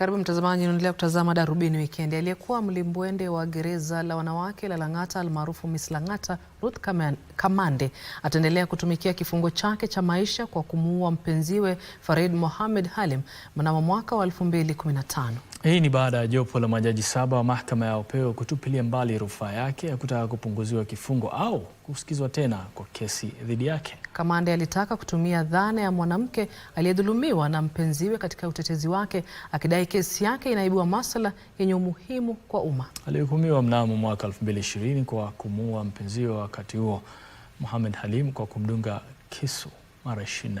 Karibu mtazamaji, unaendelea kutazama Darubini Wikendi. Aliyekuwa mlimbwende wa gereza la wanawake la Lang'ata almaarufu Miss Lang'ata, Ruth Kamande ataendelea kutumikia kifungo chake cha maisha kwa kumuua mpenziwe Farid Mohamed Halim mnamo mwaka wa 2015. Hii ni baada ya jopo la majaji saba wa mahakama ya upeo kutupilia mbali rufaa yake ya kutaka kupunguziwa kifungo au kusikizwa tena kwa kesi dhidi yake. kamanda alitaka kutumia dhana ya mwanamke aliyedhulumiwa na mpenziwe katika utetezi wake, akidai kesi yake inaibua masuala yenye umuhimu kwa umma. Alihukumiwa mnamo mwaka 2020 kwa kumuua mpenziwe wakati huo Mohamed Halim kwa kumdunga kisu mara 25.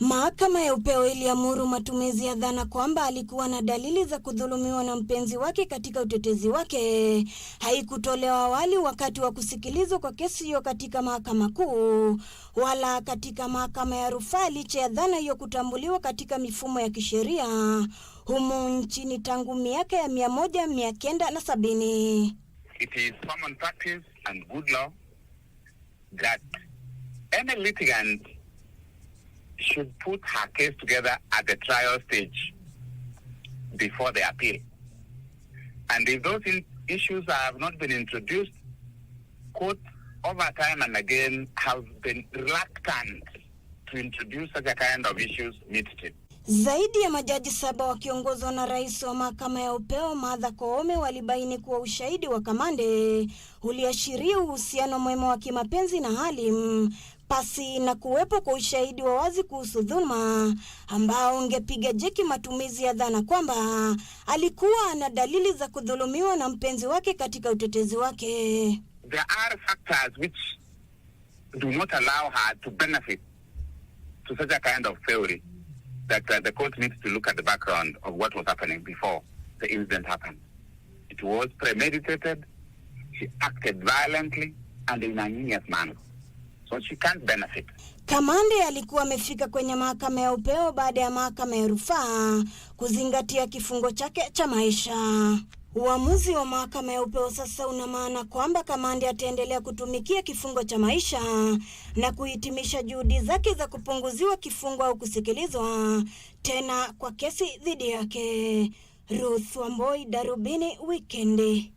Mahakama ya upeo iliamuru matumizi ya dhana kwamba alikuwa na dalili za kudhulumiwa na mpenzi wake katika utetezi wake haikutolewa awali wakati wa kusikilizwa kwa kesi hiyo katika mahakama kuu wala katika mahakama ya rufaa, licha ya dhana hiyo kutambuliwa katika mifumo ya kisheria humu nchini tangu miaka ya mia moja mia kenda na sabini. It is common practice and good law that any litigant should put her case together at the trial stage before the appeal. And if those in- issues have not been introduced, court over time and again has been reluctant to introduce such a kind of issues midstream. Zaidi ya majaji saba wakiongozwa na rais wa mahakama ya upeo Martha Koome walibaini kuwa ushahidi wa Kamande uliashiria uhusiano mwema wa kimapenzi na Halim mm, pasi na kuwepo kwa ushahidi wa wazi kuhusu dhuluma ambao ungepiga jeki matumizi ya dhana kwamba alikuwa ana dalili za kudhulumiwa na mpenzi wake katika utetezi wake. There are factors which do not allow her to benefit to such a kind of theory that uh, the court needs to look at the background of what was happening before the incident happened. It was premeditated, she acted violently and in a heinous manner. So she can't benefit. Kamande alikuwa amefika kwenye mahakama ya upeo baada ya mahakama ya rufaa kuzingatia kifungo chake cha maisha. Uamuzi wa mahakama ya upeo sasa una maana kwamba Kamande ataendelea kutumikia kifungo cha maisha na kuhitimisha juhudi zake za kupunguziwa kifungo au kusikilizwa tena kwa kesi dhidi yake. Ruth Wamboi, Darubini Wikendi.